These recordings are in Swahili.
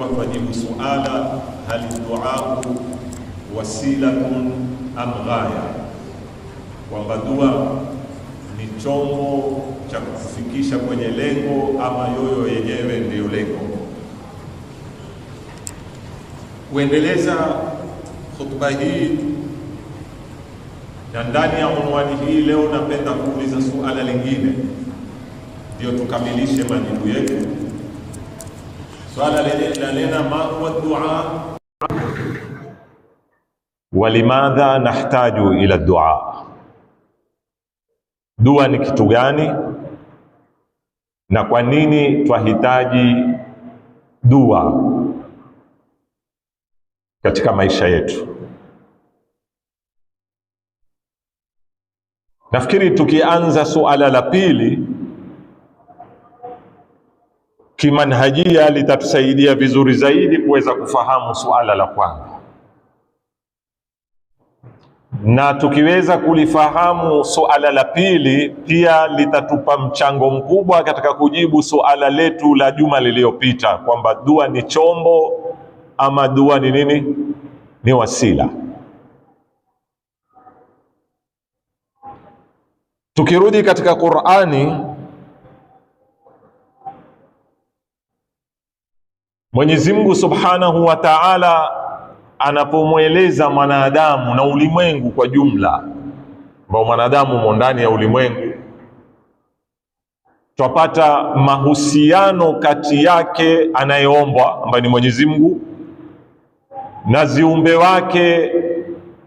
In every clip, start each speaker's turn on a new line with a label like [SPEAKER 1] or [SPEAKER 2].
[SPEAKER 1] kuwa fajibu suala hal duau wasilatun am ghaya, kwamba dua ni chombo cha kufikisha kwenye lengo ama yoyo yenyewe ndiyo lengo. Kuendeleza khutba hii na ndani ya unwani hii leo, napenda kuuliza suala lingine, ndio tukamilishe majibu yetu swala lanena ma huwa dua
[SPEAKER 2] walimadha nahtaju ila dua, dua ni kitu gani na kwa nini twahitaji dua katika maisha yetu? Nafikiri tukianza suala la pili kimanhajia litatusaidia vizuri zaidi kuweza kufahamu suala la kwanza, na tukiweza kulifahamu suala la pili pia litatupa mchango mkubwa katika kujibu suala letu la juma liliyopita kwamba dua ni chombo ama dua ni nini? Ni wasila. Tukirudi katika Qur'ani Mwenyezi Mungu Subhanahu wa Ta'ala anapomweleza mwanadamu na ulimwengu kwa jumla, ambao mwanadamu mo ndani ya ulimwengu, twapata mahusiano kati yake anayeombwa ambaye ni Mwenyezi Mungu na ziumbe wake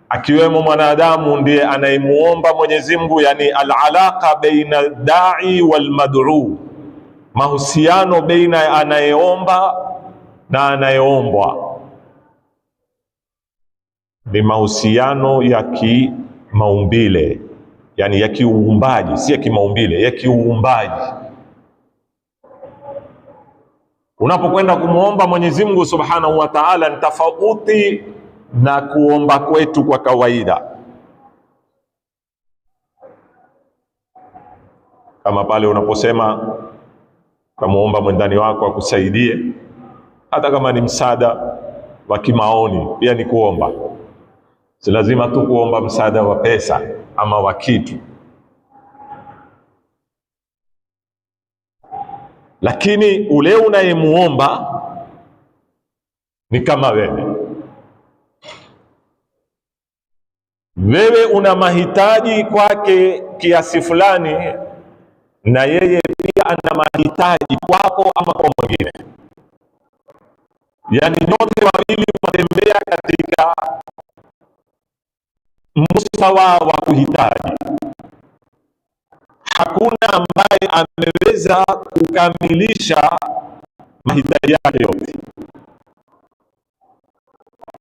[SPEAKER 2] akiwemo mwanadamu ndiye anayemuomba Mwenyezi Mungu, yani alalaqa baina dai wal mad'u, mahusiano baina ya anayeomba na anayeombwa ni mahusiano ya kimaumbile, yani ya kiuumbaji, si ya kimaumbile, ya kiuumbaji. Unapokwenda kumwomba Mwenyezi Mungu Subhanahu wa Ta'ala ni tofauti na kuomba kwetu kwa kawaida, kama pale unaposema ukamwomba mwendani wako akusaidie hata kama ni msaada wa kimaoni pia ni kuomba. Si lazima tu kuomba msaada wa pesa ama wa kitu, lakini ule unayemuomba ni kama wewe wewe una mahitaji kwake kiasi fulani, na yeye pia ana mahitaji kwako ama kwa mwingine yaani nyote wawili watembea katika mustawa wa kuhitaji. Hakuna ambaye ameweza kukamilisha mahitaji yake yote.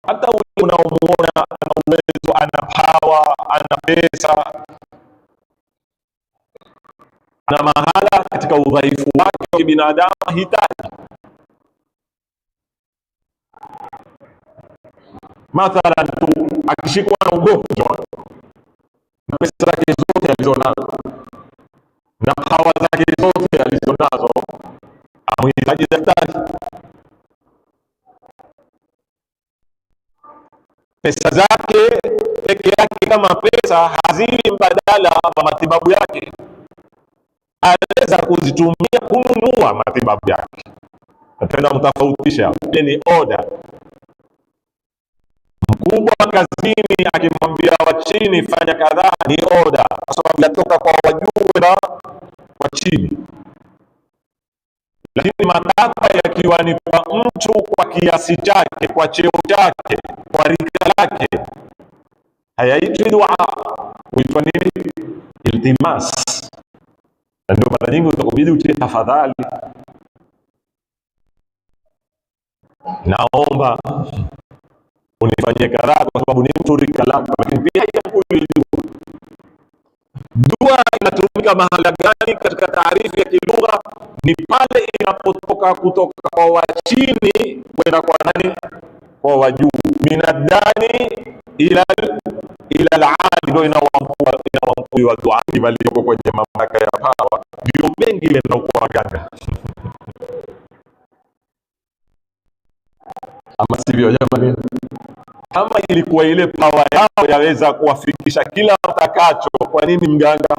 [SPEAKER 2] Hata ule unaomuona ana uwezo, ana pawa, ana pesa, na mahala, katika udhaifu wake wa kibinadamu hitaji mathalan tu akishikwa na ugonjwa na pesa zake zote alizonazo na hawa zake zote alizonazo, amhitaji daktari. Pesa zake peke yake kama pesa hazili mbadala wa matibabu yake, anaweza kuzitumia kununua matibabu yake. Napenda mtofautisha, ni oda Mkubwa kazini akimwambia wa chini fanya kadhaa ni oda, kwa sababu yatoka kwa wajuu na wa chini. Lakini matakwa yakiwa ni kwa mtu kwa kiasi chake, kwa cheo chake, kwa rika lake, hayaitwi dua, huitwa nini? Iltimas. Na ndio mara nyingi utakubidi utie tafadhali, naomba unifanyie kadhaa kwa sababu ni mshirika lako, lakini pia haijakulijua dua inatumika mahala gani katika taarifu ya kilugha? Ni pale inapotoka kutoka kwa wachini kwenda kwa nani? Kwa wajuu, minadani ila ilalaali, ndio inawampua ni walioko kwenye mamlaka ya pawa, ndio mengi yanakuwaganga ama sivyo jamani? Kama ilikuwa ile pawa yao yaweza kuwafikisha kila watakacho, kwa nini mganga?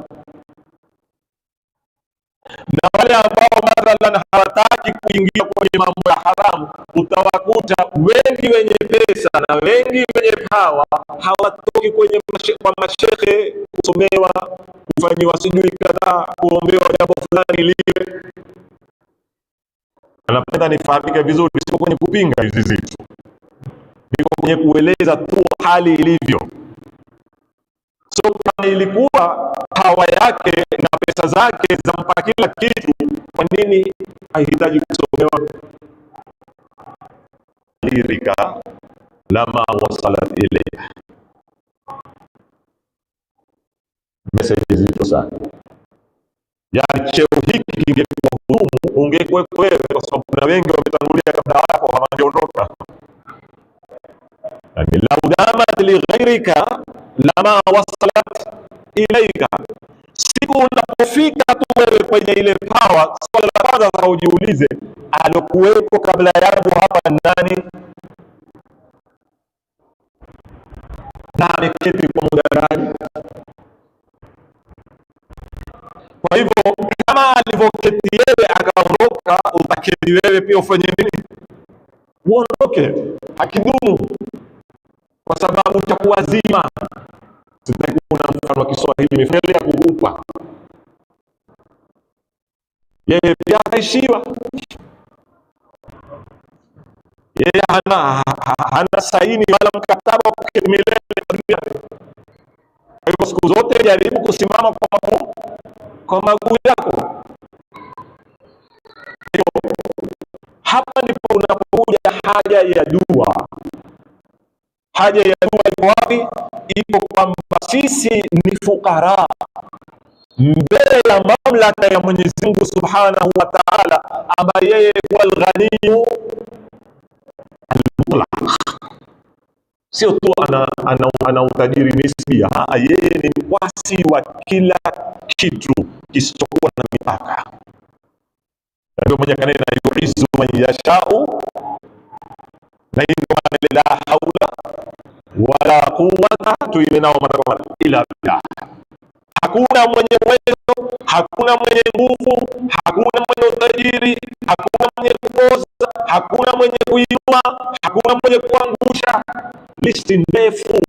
[SPEAKER 2] Na wale ambao mathalan hawataki kuingia kwenye mambo ya haramu, utawakuta wengi wenye pesa na wengi wenye pawa hawatoki kwenye mashe, kwa mashehe kusomewa, kufanyiwa sijui kadhaa, kuombewa jambo fulani lile anapenda nifahamike vizuri, sio kwenye kupinga hizi zitu mwenye kueleza tu hali ilivyo. So kama ilikuwa hawa yake na pesa zake zampa kila kitu, kwa nini haihitaji kusomewa? lirika lama wasalat ilayha meseji zito sana yaani cheo hiki kingekuhudumu ungekuwa wewe, kwa sababu kuna wengi wametangulia kabla yako hawajaondoka lakini lau damat lighairika lama wasalat ilaika, siku unapofika tu wewe kwenye ile pawa. Swala la kwanza sasa ujiulize, alokuweko kabla yangu hapa nani? Na ameketi kwa muda gani? Kwa hivyo kama alivyoketi yeye akaondoka, utaketi wewe pia ufanye nini? Uondoke, akidumu kwa sababu utakuwa zima. Sitaki kuna mfano wa Kiswahili mifele ya kukupa yeye, pia ataishiwa yeye, hana hana saini wala mkataba wa kimilele. Kwa hivyo siku zote jaribu kusimama kwa maguu kwa maguu yako. Hapa ndipo unapokuja haja ya dua Haja ya dua iko wapi? Iko kwamba sisi ni fukara mbele ya mamlaka ya Mwenyezi Mungu Subhanahu wa Ta'ala, ambaye yeye huwa al-Ghaniyu Sio tu ana, ana, ana utajiri nisbi yeye ni mkwasi wa kila kitu kisichokuwa na mipaka. Ndio mwenye kanena yuizu man yashau, na ndio maana la haula wala quwwata, tuiwe nao ila billah. Hakuna mwenye uwezo, hakuna mwenye nguvu, hakuna mwenye utajiri, hakuna mwenye kupoza, hakuna mwenye kuinua, hakuna mwenye kuangusha. Listi ndefu,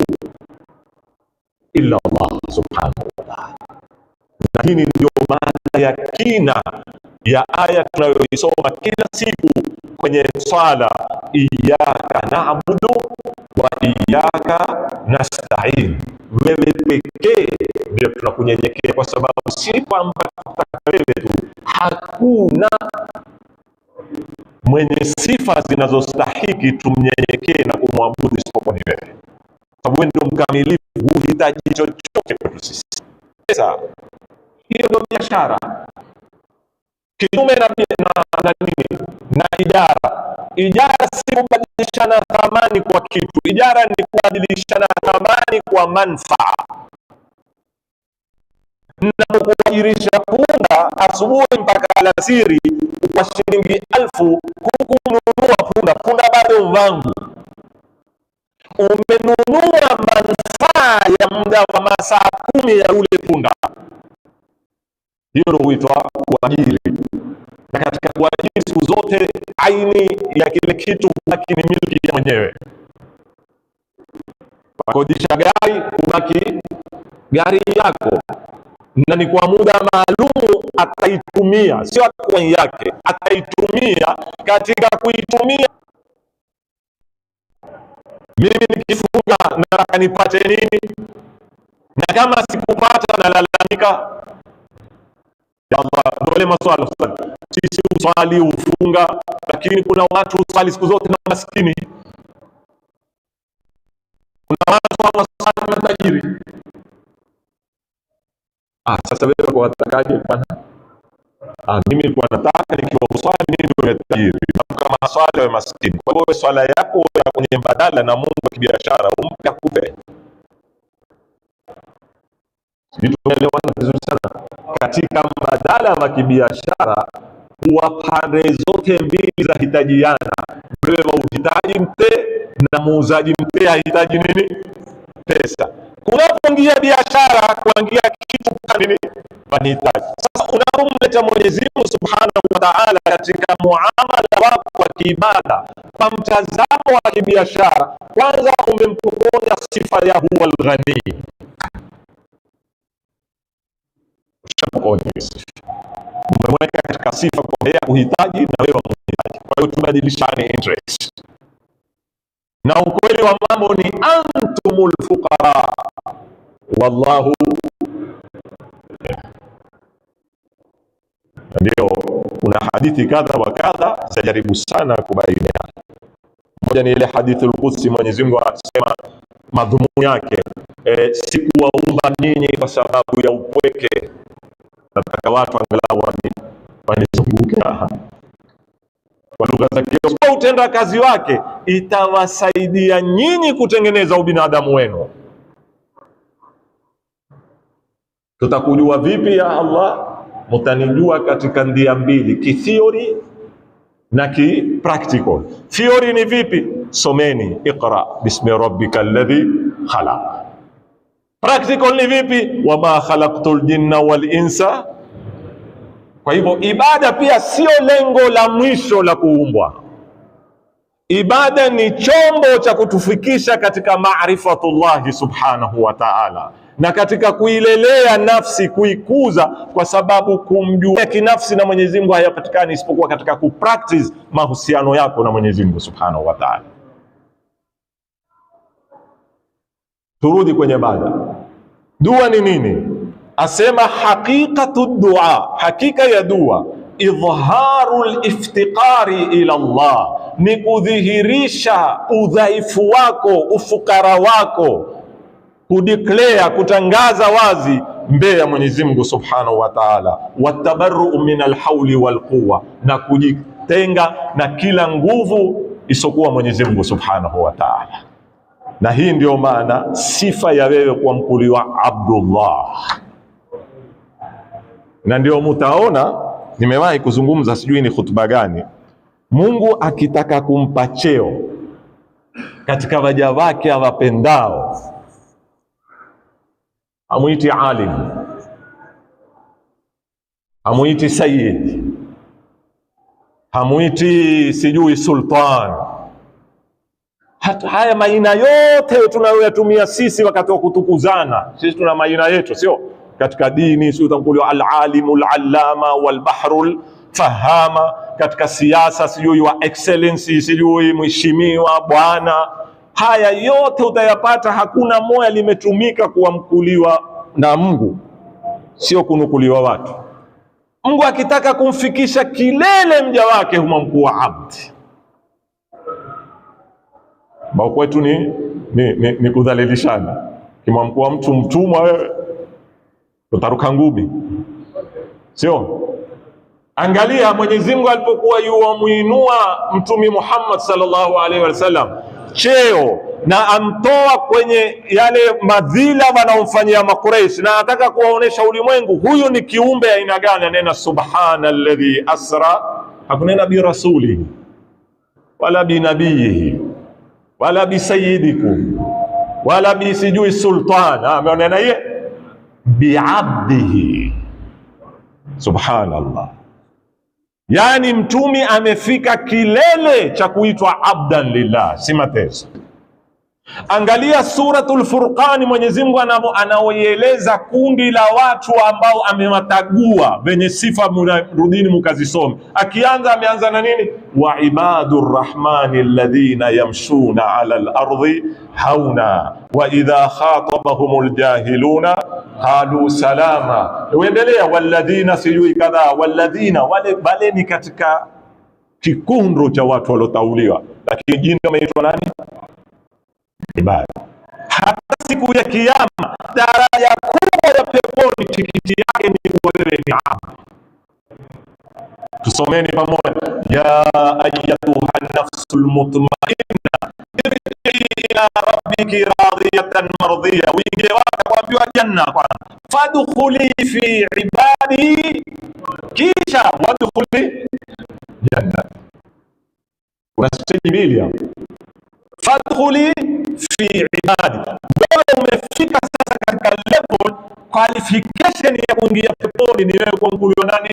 [SPEAKER 2] ila Allah subhanahu wa ta'ala. Na hii ndio maana ya kina ya aya tunayoisoma kila siku kwenye swala, iyyaka na'budu wa iyaka nasta'in, wewe pekee ndio tunakunyenyekea, kwa sababu si kwamba tutaka wewe tu, hakuna mwenye sifa zinazostahiki tumnyenyekee na kumwabudu isipokuwa ni wewe, sababu wewe ndio mkamilifu, huhitaji chochote kwetu sisi. Sasa hiyo ndio biashara kinyume na, na, na nini na ijara. Ijara si kubadilishana thamani kwa kitu. Ijara ni kubadilishana thamani kwa manfaa. Napokuajirisha punda asubuhi mpaka alasiri kwa shilingi alfu, hukununua punda, punda bado wangu. Umenunua manfaa ya muda wa masaa kumi ya ule punda. Hiyo ndio huitwa kuajiri na katika kuajiri siku zote aini ya kile kitu hubaki ni milki ya mwenyewe. Kodisha gari, hubaki gari yako, na ni kwa muda maalumu ataitumia, sio atakuwa yake, ataitumia. Katika kuitumia mimi nikifunga nataka nipate nini? Na kama sikupata nalalamika, ya Allah, dole maswali ustadi sisi uswali ufunga, lakini kuna watu uswali siku zote na maskini, kuna watu wanaswali na tajiri. Ah, sasa wewe kwa watakaje bwana? Ah, mimi kwa nataka nikiwa uswali mimi niwe tajiri, na kama swali wa maskini. Kwa hiyo swala yako ya kwenye mbadala na Mungu wa kibiashara umpe akupe. Sijui tumeelewana vizuri sana. Katika mbadala wa kibiashara kuwa pande zote mbili zahitajiana. Wewe uhitaji mpe na muuzaji mpe ahitaji nini? Pesa. Kunapoingia biashara, kuingia kitu nini? Panihitaji. Sasa unapomleta Mwenyezi Mungu Subhanahu wa Ta'ala katika muamala wako wa kiibada kwa mtazamo wa kibiashara, kwanza umempokonya sifa ya huwa al-Ghani Umemweka katika sifa kwamba yeye na wewe unamhitaji, kwa hiyo tubadilishane interest. Na ukweli wa mambo ni antumul fuqara wallahu, ndio kuna hadithi kadha wa kadha zajaribu sana kubainia. Moja ni ile hadithi al-Qudsi, Mwenyezi Mungu anasema madhumuni yake e, sikuwaumba ninyi kwa sababu ya upweke nataka watu angalau wanizunguke kwa lugha za Kiingereza. utenda kazi wake itawasaidia nyinyi kutengeneza ubinadamu wenu. Tutakujua vipi ya Allah? Mutanijua katika ndia mbili, kithiori na practical. Theory ni vipi? Someni iqra bismi rabbika alladhi khala practical ni vipi? wama khalaqtul jinna wal insa. Kwa hivyo ibada pia sio lengo la mwisho la kuumbwa. Ibada ni chombo cha kutufikisha katika maarifatullahi subhanahu wa ta'ala, na katika kuilelea nafsi, kuikuza, kwa sababu kumjua kinafsi na Mwenyezi Mungu hayapatikani isipokuwa katika kupractice mahusiano yako na Mwenyezi Mungu subhanahu wa ta'ala. Turudi kwenye bada. Dua ni nini? Asema haqiqatu dua, hakika ya dua idhharu liftiqari ila Allah, ni kudhihirisha udhaifu wako, ufukara wako, kudiklea, kutangaza wazi mbele ya Mwenyezi Mungu subhanahu wa taala, watabaruu min alhauli walquwa, na kujitenga na kila nguvu isokuwa Mwenyezi Mungu subhanahu wa taala na hii ndio maana sifa ya wewe wa Abdullah, na ndio mutaona nimewahi kuzungumza, sijui ni khutuba gani. Mungu akitaka kumpa cheo katika waja wake awapendao, amwiti alim, amwiti sayyid, hamwiti sijui sultani hata haya majina yote tunayoyatumia sisi wakati wa kutukuzana sisi, tuna majina yetu, sio katika dini, sio utakuliwa al-alimu al-allama wal fahama, katika siasa sijui wa excellency sijui mheshimiwa bwana. Haya yote utayapata, hakuna moya limetumika kuamkuliwa na Mungu, sio kunukuliwa watu. Mungu akitaka kumfikisha kilele mja wake humamkuwa abdi bao kwetu ni, ni, ni, ni kudhalilishana. Kimwamkua mtu mtumwa, wewe utaruka ngumi, sio? Angalia Mwenyezi Mungu alipokuwa yuwamwinua Mtume Muhammad sallallahu alaihi wasallam cheo na amtoa kwenye yale madhila wanaomfanyia Makureishi, na anataka kuwaonesha ulimwengu huyu ni kiumbe aina gani. Anena subhana alladhi asra, hakunena bi rasuli wala bi nabiyihi wala bisayidikum wala bisijui sultan, ah, ameona naye biabdihi. Subhanallah, yaani mtumi amefika kilele cha kuitwa abdan lillah, si mateso Angalia Suratul Furqani, Mwenyezi Mungu anaoieleza kundi la watu ambao amewatagua venye sifa, mrudini mukazisome. Akianza ameanza na nini? wa ibadu rrahmani alladhina yamshuna ala lardhi hauna wa idha khatabahum ljahiluna qalu salama. Uendelea, walladhina sijui kadha walladhina wale, wale ni katika kikundo cha watu waliotauliwa, lakini jina wameitwa nani? ibada. Hata siku ya Kiyama, daraja kubwa ya peponi, tikiti yake ni wewe ni amali. Tusomeni pamoja, ya ayyatuha nafsul mutmainna irjii ila rabbiki radiyatan mardhiya, wingie wake kuambiwa janna kwa fadkhuli fi ibadi, kisha wadkhuli janna. Kuna steji mbili hapo, fadkhuli fi ibadi. Wewe umefika sasa katika level qualification ya kuingia peponi, ni wewe kuanguliwa nani?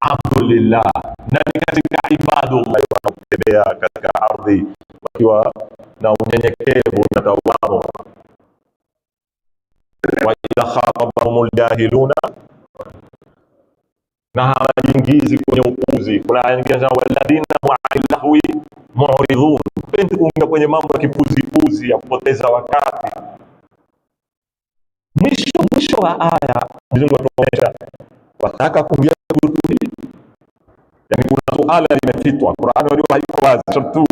[SPEAKER 2] Alhamdulillah, na ni katika ibadullah wanatembea katika ardhi wakiwa na unyenyekevu na tawabu. wa idha khatabahum ljahiluna na hawajiingizi kwenye upuzi. Kuna aya nyingine zinasema walladhina hum an lahwi sipendi kuingia kwenye mambo ya kipuzipuzi ya kupoteza wakati. Mwisho mwisho wa aya Mungu atuonyesha wataka kuingia gurutuni, yani kuna suala limefichwa. Qur'an ndio haiko wazi, tu,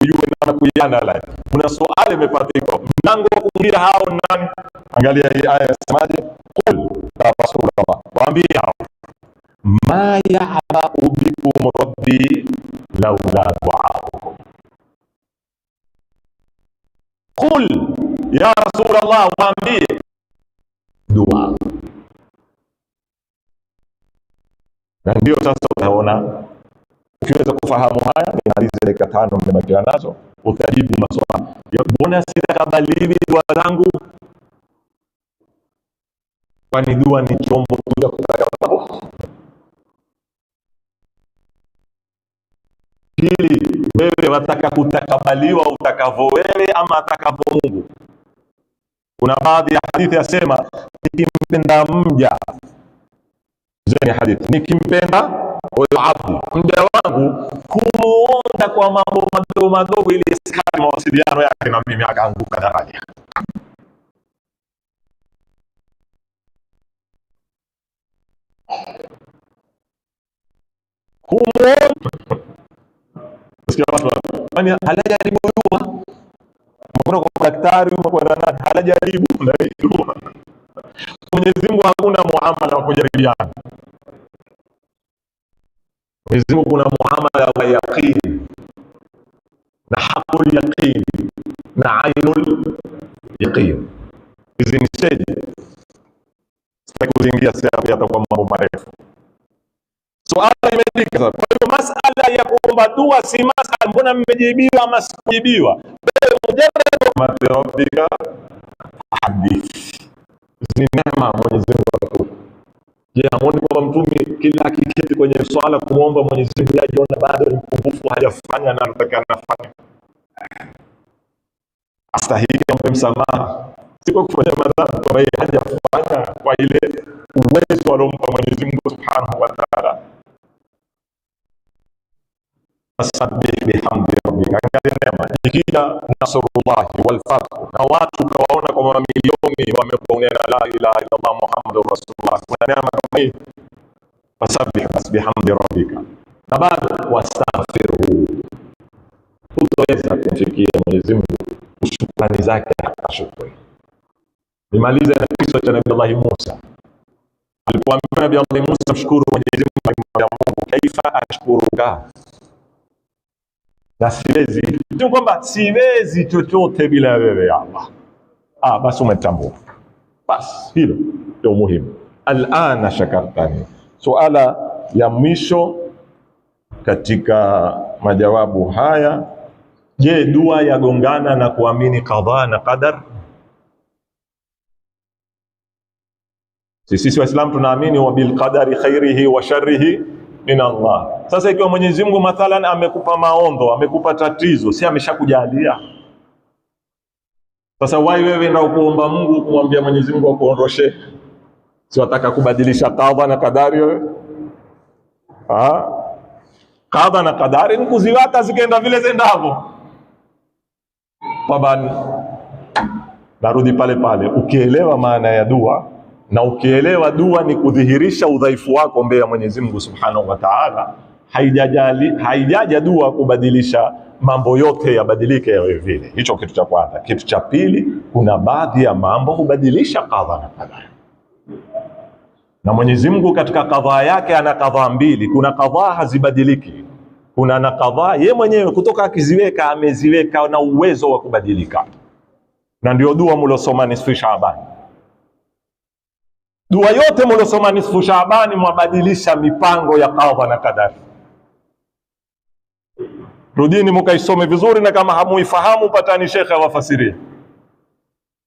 [SPEAKER 2] ujue na kuyana la. Kuna suala limepatikwa, mlango wa kuingia hao nani? Angalia hii aya inasemaje? kul ya Rasulullah, waambie ma ya'ba'u bikum rabbi laula du'aukum Qul ya Rasulullah, waambie dua. Na ndio sasa utaona, ukiweza kufahamu haya, nimalize dakika tano nimebakiwa nazo, utajibu maswali, mbona sitakabaliwi dua zangu? Kwani dua ni chombo cha kutaka pili, wewe wataka kutakabaliwa utakavyo wewe ama atakavyo Mungu. Kuna baadhi ya hadithi yasema, nikimpenda mja zeni hadithi, nikimpenda huyo abdu mja wangu, kumuonda kwa mambo madogo madogo, ili asikate mawasiliano yake na mimi, akaanguka daraja kumuonda Sikia watu kwani halajaribu dua. Mbona kwa daktari umekwenda nani? Halajaribu dua. Mwenyezi Mungu hakuna muamala wa kujaribiana. Mwenyezi Mungu kuna muamala wa yaqini na haqul yaqini na ainul yaqini. Hizi ni stage, sitaki kuingia sehemu yatakuwa mambo marefu. Swala so, limeandika sasa. Kwa hiyo masala ya kuomba dua si masala, mbona mmejibiwa ama sikujibiwa? Mujarradika hadithi ni neema Mwenyezi Mungu atukufu. Je, amoni kwamba mtume kila akiketi kwenye swala kumwomba Mwenyezi Mungu ajiona bado ni mpungufu, hajafanya na anataka anafanya, astahili ampe msamaha, siko kufanya madhambi, kwa yeye hajafanya kwa ile uwezo aliompa Mwenyezi Mungu subhanahu wa taala fasabbih bihamdi rabbika. Angalia neema, ikija nasrullahi walfathu, na watu ukawaona kwa mamilioni wameponena la ilaha illallah muhammadur rasulullah. Kuna neema kama hii, fasabbih bihamdi rabbika, na bado wastaghfiru, utaweza kumfikia Mwenyezi Mungu shukrani zake akashukuru. Nimalize na kisa cha Nabii Allah Musa alipoambiwa Nabii Allah Musa mshukuru Mwenyezi Mungu kaifa ashkuruka na siwezi, tu kwamba siwezi chochote bila wewe Allah. Ah, basi umetambua, basi hilo ndio muhimu. Alana shakartani, suala ya mwisho katika majawabu haya. Je, dua yagongana na kuamini qadha na qadar? Sisi Waislamu tunaamini wa bil qadari khairihi wa sharrihi min Allah. Sasa ikiwa Mwenyezi Mungu mathalan amekupa maondo, amekupa tatizo, si ameshakujalia? Sasa wai wewe ndio kuomba Mungu kumwambia Mwenyezi Mungu akuondoshe, si wataka kubadilisha kadha na kadari wewe? Ah, kadha na kadari ni kuziwata zikaenda vile zendavyo. Taban, narudi pale pale, ukielewa maana ya dua na ukielewa dua ni kudhihirisha udhaifu wako mbele ya Mwenyezi Mungu Subhanahu wa Ta'ala, haijajali haijaja dua kubadilisha mambo yote yabadilike yawe vile. Hicho kitu cha kwanza. Kitu cha pili, kuna baadhi ya mambo hubadilisha kadha na kadha, na Mwenyezi Mungu katika kadhaa yake ana kadhaa mbili. Kuna kadhaa hazibadiliki, kuna na kadhaa ye mwenyewe kutoka akiziweka ameziweka na uwezo wa kubadilika, na ndio dua mlosoma nisfu Shabani Dua yote mlosoma nisfu Shaabani mwabadilisha mipango ya qadha na kadari. Rudini mukaisome vizuri, na kama hamuifahamu patani shekhe awafasirie.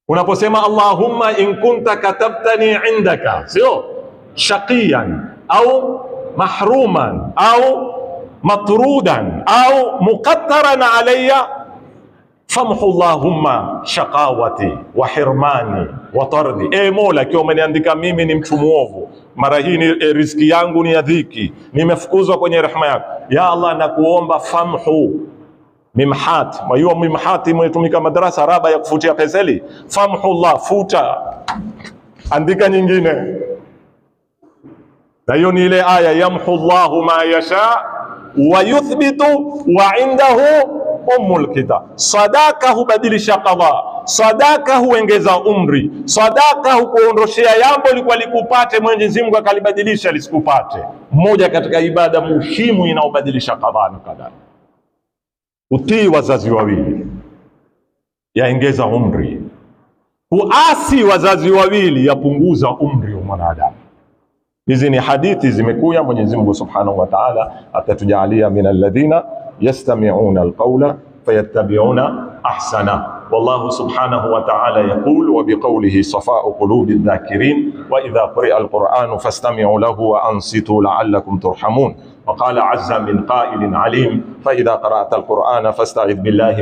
[SPEAKER 2] Unaposema Allahumma in kunta katabtani indaka, sio shaqiyan au mahruman au matrudan au muqattaran alayya famhu llahumma shaqawati wa hirmani wa tardi. E Mola, ikiwa umeniandika mimi ni mtu muovu, mara hii ni e, riziki yangu ni ya dhiki, nimefukuzwa kwenye rehema yako. Ya Allah, nakuomba famhu mimhat mayua mimhati mwetumika madarasa raba ya kufutia penseli. Famhullah, futa andika nyingine, na hiyo ni ile aya yamhu llahu ma yasha wa yuthbitu wa indahu umul kita. Sadaka hubadilisha qadha, sadaka huengeza umri, sadaka hukuondoshea yambo likuwa likupate, Mwenyezi Mungu akalibadilisha lisikupate. Mmoja katika ibada muhimu inaobadilisha qada na qadari. Utii wazazi wawili yaengeza umri, kuasi wazazi wawili yapunguza umri wa mwanadamu. Hizi ni hadithi zimekuja, Mwenyezi Mungu Subhanahu wa Ta'ala atatujalia min alladhina yastami'una alqawla fayattabi'una ahsana wallahu subhanahu wa ta'ala yaqul wa biqawlihi safa'u qulubi dhakirin wa idha quri'a alquranu fastami'u lahu wa ansitu la'allakum turhamun wa qala 'azza min qa'ilin 'alim fa idha qara'ta alqurana fasta'idh billahi